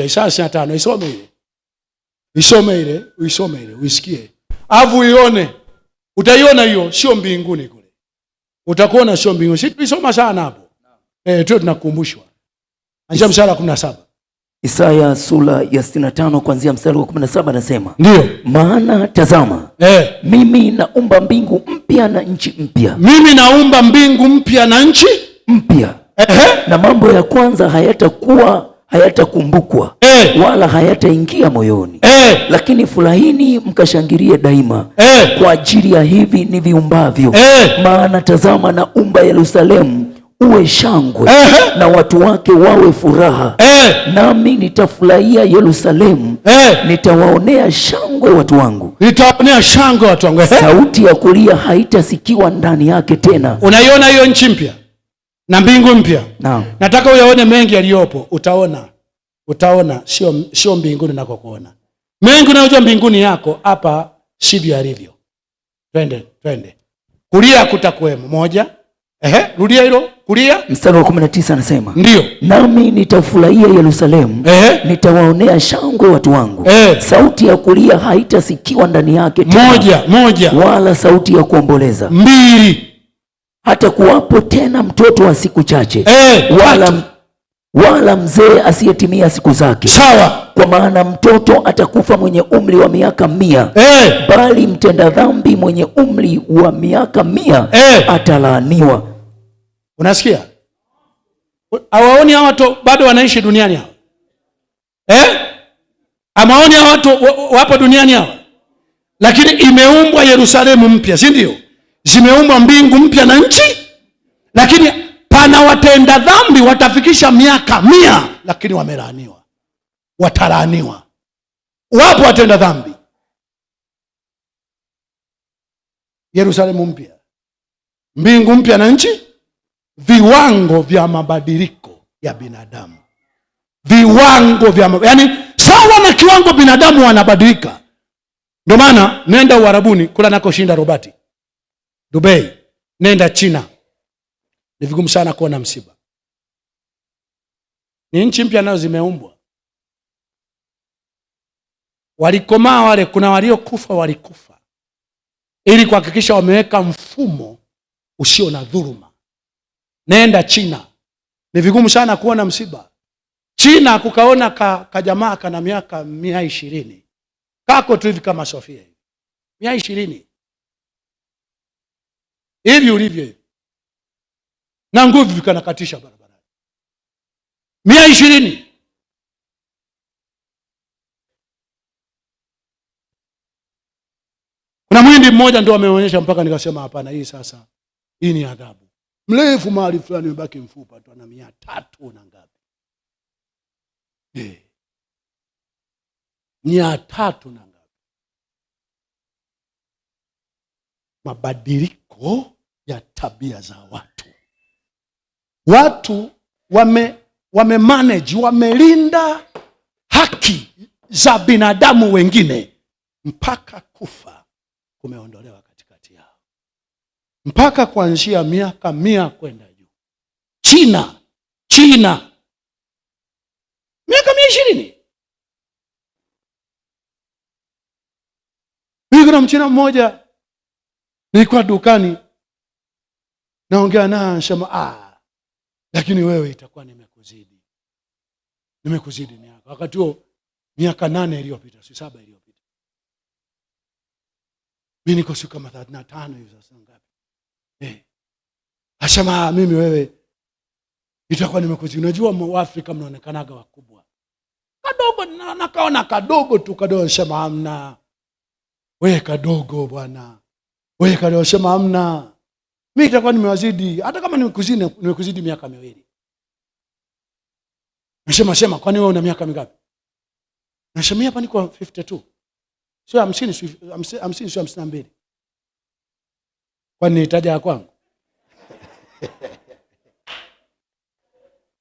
Isaya 25 isome ile, isome ile, uisome ile, uisikie alafu ione Utaiona hiyo, sio mbinguni kule, utakuona sio mbinguni. Sisi tulisoma sana hapo eh, tu tunakumbushwa anzia msala 17 Isaya sura ya sitini na tano kuanzia mstari wa kumi na saba anasema ndio maana tazama, eh, mimi naumba mbingu mpya na nchi mpya. Mimi naumba mbingu mpya na nchi mpya, eh, na mambo ya kwanza hayatakuwa hayatakumbukwa eh, wala hayataingia moyoni eh, lakini furahini mkashangilie daima eh, kwa ajili ya hivi ni viumbavyo eh, maana tazama na umba Yerusalemu uwe shangwe eh, na watu wake wawe furaha eh, nami nitafurahia Yerusalemu eh, nitawaonea shangwe watu wangu, nitawaonea shangwe watu wangu eh, sauti ya kulia haitasikiwa ndani yake tena. Unaiona hiyo nchi mpya na mbingu mpya Nataka uyaone mengi yaliyopo, utaona utaona, sio sio mbinguni nako kuona mengi unayojua mbinguni yako hapa, sivyo alivyo Twende twende kulia, kutakuwemo moja. Ehe, rudia hilo kulia. Mstari wa 19 anasema ndio, nami nitafurahia Yerusalemu, nitawaonea shangwe watu wangu. Ehe, sauti ya kulia haitasikiwa ndani yake tena, moja moja, wala sauti ya kuomboleza mbili hata kuwapo tena mtoto wa siku chache hey, eh, wala, wala mzee asiyetimia siku zake. Sawa. Kwa maana mtoto atakufa mwenye umri wa miaka mia hey, eh. bali mtenda dhambi mwenye umri wa miaka mia hey, eh. atalaaniwa. Unasikia, hawaoni hawa watu bado wanaishi duniani hawa eh? Amaoni hawa watu wapo duniani hawa, lakini imeumbwa Yerusalemu mpya, si ndio? zimeumbwa mbingu mpya na nchi, lakini pana watenda dhambi watafikisha miaka mia, lakini wamelaaniwa, watalaaniwa. Wapo watenda dhambi Yerusalemu mpya, mbingu mpya na nchi, viwango vya mabadiliko ya binadamu, viwango vya mab... yani sawa na kiwango binadamu wanabadilika. Ndio maana nenda uharabuni kula nako shinda robati Dubai, nenda China, ni vigumu sana kuona msiba. Ni nchi mpya nayo zimeumbwa, walikomaa wale. Kuna waliokufa, walikufa ili kuhakikisha wameweka mfumo usio na dhuluma. Nenda China, ni vigumu sana kuona msiba. China kukaona ka, jamaa kana miaka mia ishirini kako tu hivi kama Sofia hivi mia ishirini hivi ulivyo hivi, na nguvu vikanakatisha barabarani mia ishirini. Kuna mwindi mmoja ndo ameonyesha mpaka nikasema hapana, hii sasa, hii ni adhabu. Mrefu mahali fulani mebaki mfupa tu, ana mia tatu na ngapi, eh. mia tatu na mabadiliko ya tabia za watu. Watu wame manage, wamelinda haki za binadamu wengine mpaka kufa kumeondolewa katikati yao, mpaka kuanzia miaka mia kwenda juu. China, China miaka mia ishirini hivyo. mchina mmoja Nilikuwa dukani naongea naye anasema ah, lakini wewe itakuwa nimekuzidi, nimekuzidi miaka. Wakati huo miaka nane iliyopita, si saba iliyopita, mi niko siku kama thelathini na tano hivi sasa, ngapi eh. Asema ah, mimi wewe itakuwa nimekuzidi. Unajua Waafrika mnaonekanaga wakubwa kadogo, nakaona kadogo tu kadogo. Asema hamna, we kadogo bwana wewe kaliosema amna. Mimi nitakuwa nimewazidi hata kama nimekuzidi nimekuzidi miaka miwili. Nasema sema kwani wewe una miaka mingapi? Nasema hapa niko 52. Sio 50 sio 50 sio 52. Kwani nitaja ya kwangu?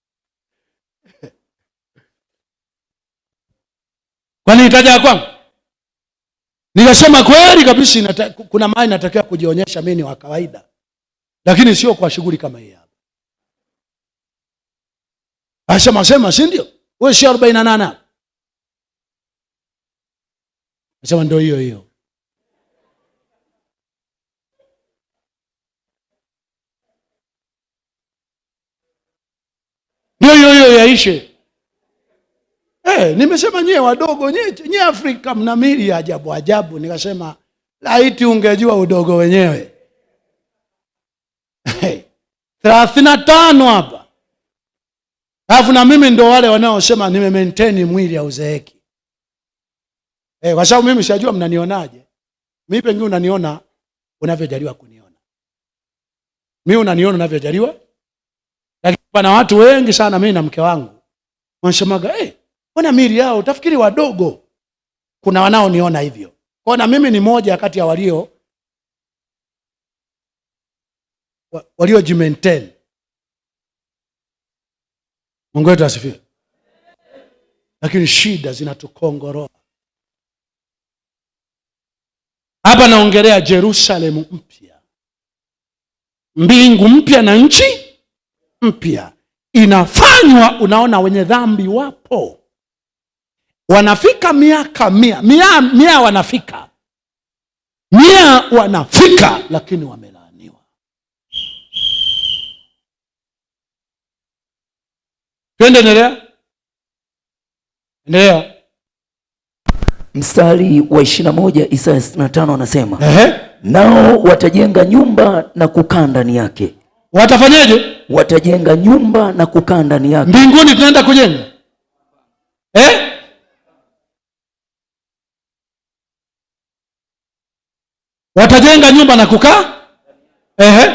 Kwani nitaja ya kwangu? Nikasema kweli kabisa, kuna maana inatakiwa kujionyesha mimi ni wa kawaida, lakini sio kwa shughuli kama hii hapa. Asema sema, si ndio? Wewe sio 48 asema ndio hiyo hiyo. Ndio hiyo hiyo yaishe eh, nimesema nyie wadogo nyie, nyie Afrika mna mili ya ajabu ajabu. Nikasema laiti ungejua udogo wenyewe. thelathini na tano hapa alafu na mimi ndo wale wanaosema nime maintain mwili ya uzeeki eh, kwa sababu mimi sijajua mnanionaje mimi, pengine unaniona unavyojaliwa kuniona mimi, unaniona unavyojaliwa, lakini pana watu wengi sana, mimi na mke wangu wanasemaga hey, eh, Mbona mili yao utafikiri wadogo? Kuna wanaoniona hivyo kwao, na mimi ni moja kati ya walio waliojimaintain. Mungu wetu asifiwe. Lakini shida zinatukongoroa hapa. Naongelea jerusalemu mpya, mbingu mpya na nchi mpya inafanywa. Unaona, wenye dhambi wapo wanafika miaka mia mia mia, wanafika mia, wanafika lakini wamelaaniwa. Twende, endelea, endelea. Mstari wa ishirini na moja Isaya sitini na tano anasema Nao watajenga nyumba na kukaa ndani yake. Watafanyaje? Watajenga nyumba na kukaa ndani yake. Mbinguni tunaenda kujenga eh? watajenga nyumba na kukaa, ehe,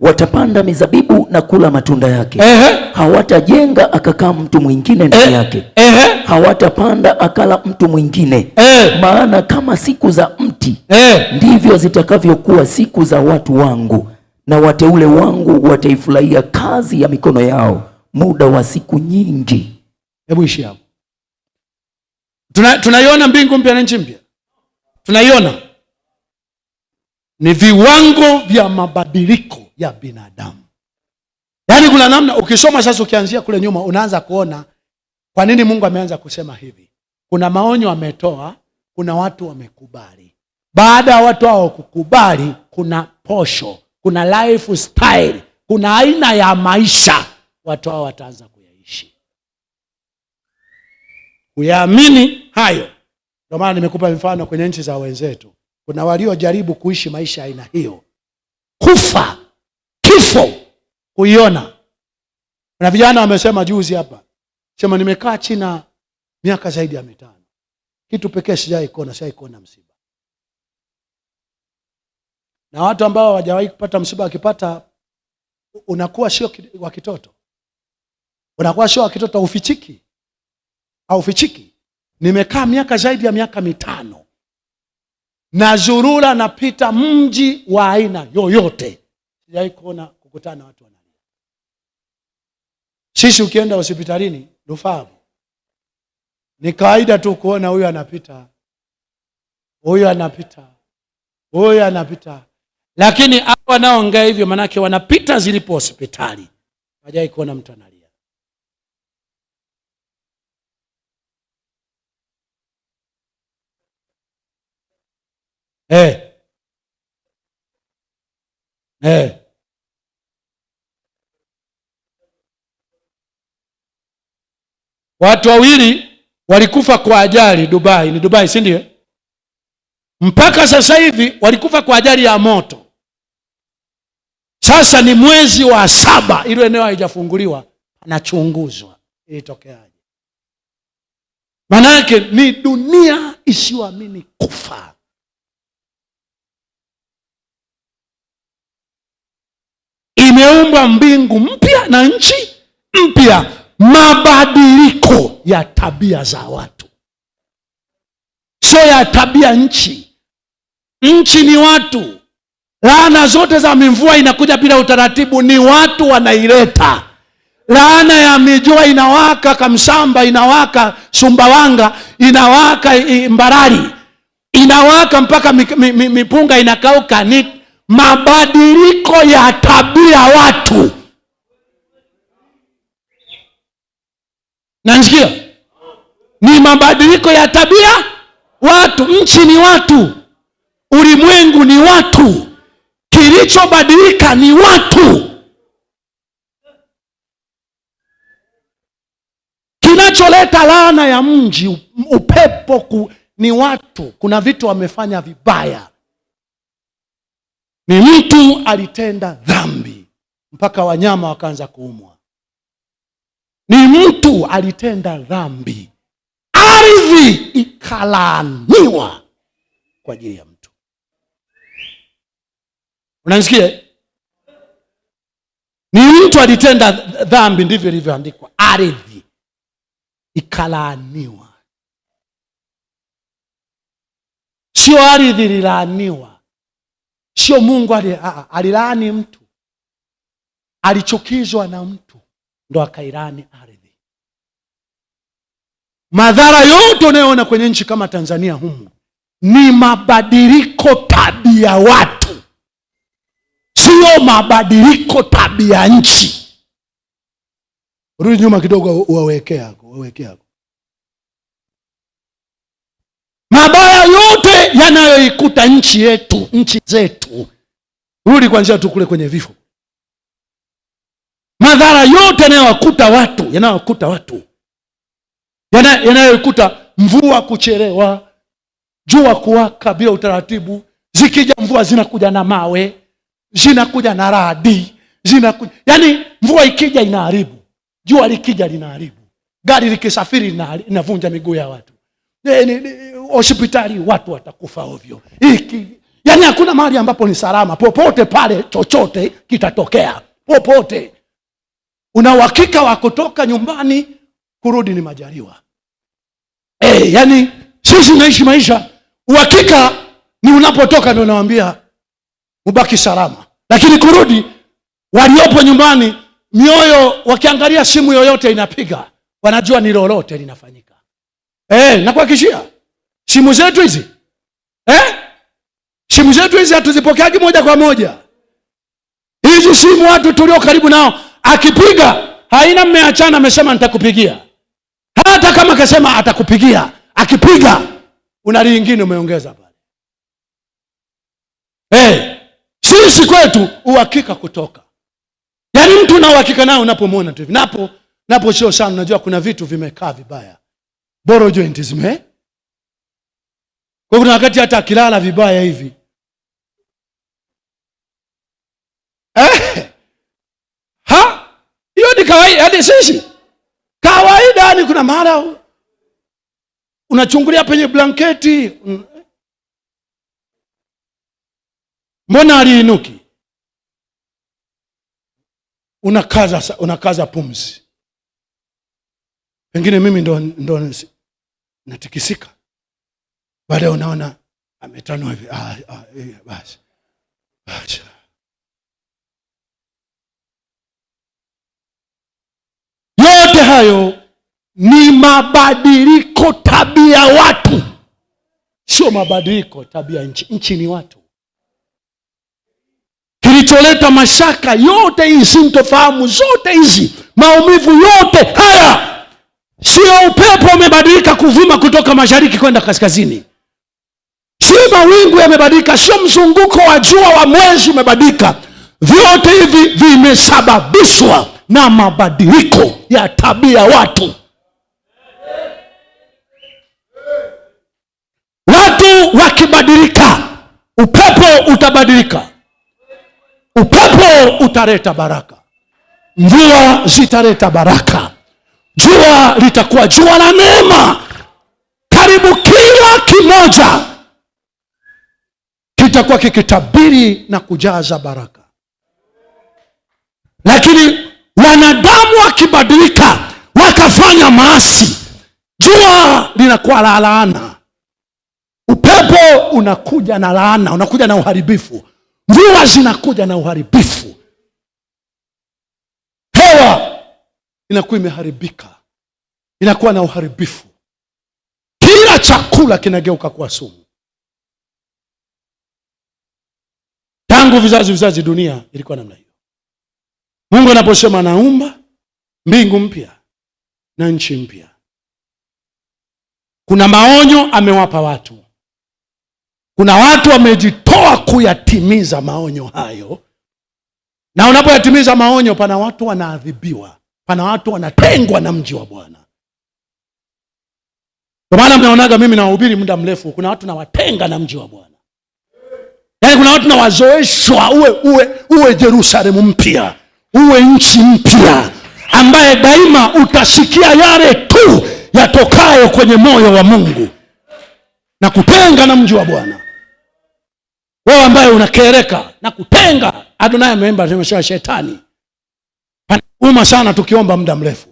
watapanda mizabibu na kula matunda yake, ehe, hawatajenga akakaa mtu mwingine ndani eh. yake, ehe, hawatapanda akala mtu mwingine, ehe, maana kama siku za mti, ehe, ndivyo zitakavyokuwa siku za watu wangu, na wateule wangu wataifurahia kazi ya mikono yao muda wa siku nyingi. Hebu ishi hapo. Tunaiona tuna mbingu mpya na nchi mpya, tunaiona ni viwango vya mabadiliko ya binadamu. Yaani kuna namna ukisoma sasa, ukianzia kule nyuma, unaanza kuona kwa nini Mungu ameanza kusema hivi. Kuna maonyo ametoa, kuna watu wamekubali. Baada ya watu hao kukubali, kuna posho, kuna style kuna aina ya maisha watu hao wataanza kuyaishi, kuyaamini hayo. Ndio maana nimekupa mfano kwenye nchi za wenzetu kuna waliojaribu kuishi maisha aina hiyo, kufa kifo kuiona. Na vijana wamesema juzi hapa, sema nimekaa China miaka zaidi ya mitano, kitu pekee sijawahi kuona, kuona msiba. Na watu ambao hawajawahi kupata msiba, wakipata unakuwa sio wa kitoto, unakuwa sio wa kitoto, haufichiki, haufichiki. Nimekaa miaka zaidi ya miaka mitano na zurura napita mji wa aina yoyote, sijawahi kuona kukutana na watu wanalia. Sisi ukienda hospitalini lufavu ni kawaida tu kuona huyu anapita, huyu anapita, huyu anapita, lakini hao wanaongea hivyo, maanake wanapita zilipo hospitali, hawajawahi kuona mtu analia. eh. Eh. Watu wawili walikufa kwa ajali Dubai, ni Dubai si ndio? Mpaka sasa hivi walikufa kwa ajali ya moto. Sasa ni mwezi wa saba, ilo eneo haijafunguliwa, anachunguzwa ilitokeaje. Maana yake ni dunia isiyoamini kufa. Nimeumba mbingu mpya na nchi mpya, mabadiliko ya tabia za watu, sio ya tabia nchi. Nchi ni watu. Laana zote za mimvua inakuja bila utaratibu, ni watu wanaileta. Laana ya mijua inawaka Kamsamba, inawaka Sumbawanga, inawaka mbarari inawaka mpaka mipunga inakauka. Ni mabadiliko ya tabia watu nanisikia ni mabadiliko ya tabia watu nchi ni watu ulimwengu ni watu kilichobadilika ni watu kinacholeta laana ya mji upepo ku, ni watu kuna vitu wamefanya vibaya ni mtu alitenda dhambi mpaka wanyama wakaanza kuumwa. Ni mtu alitenda dhambi, ardhi ikalaaniwa kwa ajili ya mtu. Unanisikia? Ni mtu alitenda dhambi, ndivyo ilivyoandikwa, ardhi ikalaaniwa. Sio ardhi ililaaniwa Sio Mungu alilaani mtu, alichukizwa na mtu ndo akailani ardhi. Madhara yote unayoona kwenye nchi kama Tanzania humu ni mabadiliko tabia watu, sio mabadiliko tabia nchi. Rudi nyuma kidogo, wawekea wawekea itakuta nchi yetu, nchi zetu. Rudi kwanzia tu kule kwenye vifo, madhara yote yanayowakuta watu, yanayowakuta watu, yanayoikuta mvua kucherewa jua kuwaka bila utaratibu. Zikija mvua zinakuja na mawe, zinakuja na radi, zinakuja yani, mvua ikija inaharibu, jua likija linaharibu, gari likisafiri linavunja miguu ya watu hospitali watu watakufa ovyo. Hiki yani, hakuna mahali ambapo ni salama popote pale, chochote kitatokea popote. Una uhakika wa kutoka nyumbani, kurudi ni majaliwa. E, yani sisi naishi maisha, uhakika ni unapotoka ndio nawambia ubaki salama, lakini kurudi, waliopo nyumbani mioyo wakiangalia simu yoyote inapiga, wanajua ni lolote linafanyika. E, nakuhakikishia Simu zetu hizi eh? Simu zetu hizi hatuzipokeaji moja kwa moja. Hizi simu watu tulio karibu nao, akipiga haina mmeachana, amesema nitakupigia. Hata kama akasema atakupigia, akipiga una lingine umeongeza pale. Hey, eh, sisi kwetu uhakika kutoka, yaani mtu na uhakika nao unapomwona tu hivi, napo napo sio sana. Unajua kuna vitu vimekaa vibaya, boro joint zime kwa kuna wakati hata akilala vibaya hivi eh, ha hiyo ni kawaida. Hadi yaani sisi kawaida, ni yaani kuna mara unachungulia penye blanketi, mm. mbona aliinuki? Unakaza, unakaza pumzi, pengine mimi ndo, ndo natikisika baadaye unaona ametanua hivi ah, ah, eh, basi yote hayo ni mabadiliko tabia watu sio mabadiliko tabia nchi nchi ni watu kilicholeta mashaka yote hii sintofahamu zote hizi maumivu yote haya sio upepo umebadilika kuvuma kutoka mashariki kwenda kaskazini Si mawingu yamebadilika, sio mzunguko wa jua wa mwezi umebadilika. Vyote hivi vimesababishwa na mabadiliko ya tabia watu. Watu wakibadilika, upepo utabadilika, upepo utaleta baraka, mvua zitaleta baraka, jua litakuwa jua la neema. Karibu kila kimoja kitakuwa kikitabiri na kujaza baraka, lakini wanadamu wakibadilika wakafanya maasi, jua linakuwa la laana, upepo unakuja na laana, unakuja na uharibifu, mvua zinakuja na uharibifu, hewa inakuwa imeharibika, inakuwa na uharibifu, kila chakula kinageuka kuwa sumu. tangu vizazi vizazi, dunia ilikuwa namna hiyo. Mungu anaposema naumba mbingu mpya na nchi mpya, kuna maonyo amewapa watu. Kuna watu wamejitoa kuyatimiza maonyo hayo, na unapoyatimiza maonyo, pana watu wanaadhibiwa, pana watu wanatengwa na mji wa Bwana. kwa maana mnaonaga mimi nawahubiri muda mrefu, kuna watu nawatenga na mji wa Bwana yaani kuna watu nawazoeshwa uwe, uwe, uwe Yerusalemu mpya, uwe nchi mpya ambaye daima utasikia yale tu yatokayo kwenye moyo wa Mungu na kutenga na mji wa Bwana. Wewe ambaye unakereka na kutenga, Adonai ameemba tumesha shetani panakuuma sana tukiomba muda mrefu,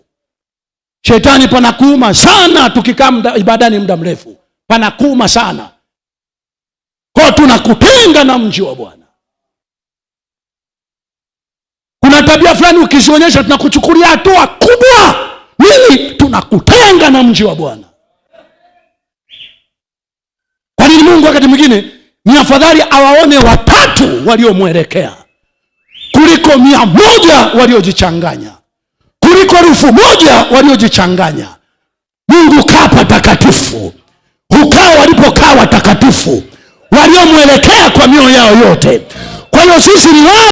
shetani panakuuma sana tukikaa ibadani muda mrefu, panakuuma sana kwa tunakutenga na mji wa Bwana. Kuna tabia fulani ukizionyesha, tunakuchukulia hatua kubwa. Nini? Tunakutenga na mji wa Bwana. Kwa nini Mungu wakati mwingine ni afadhali awaone watatu waliomwelekea kuliko mia moja waliojichanganya, kuliko elfu moja waliojichanganya. Mungu kaa patakatifu, hukaa walipokaa watakatifu waliomwelekea kwa mioyo yao yote. Kwa hiyo sisi ni wa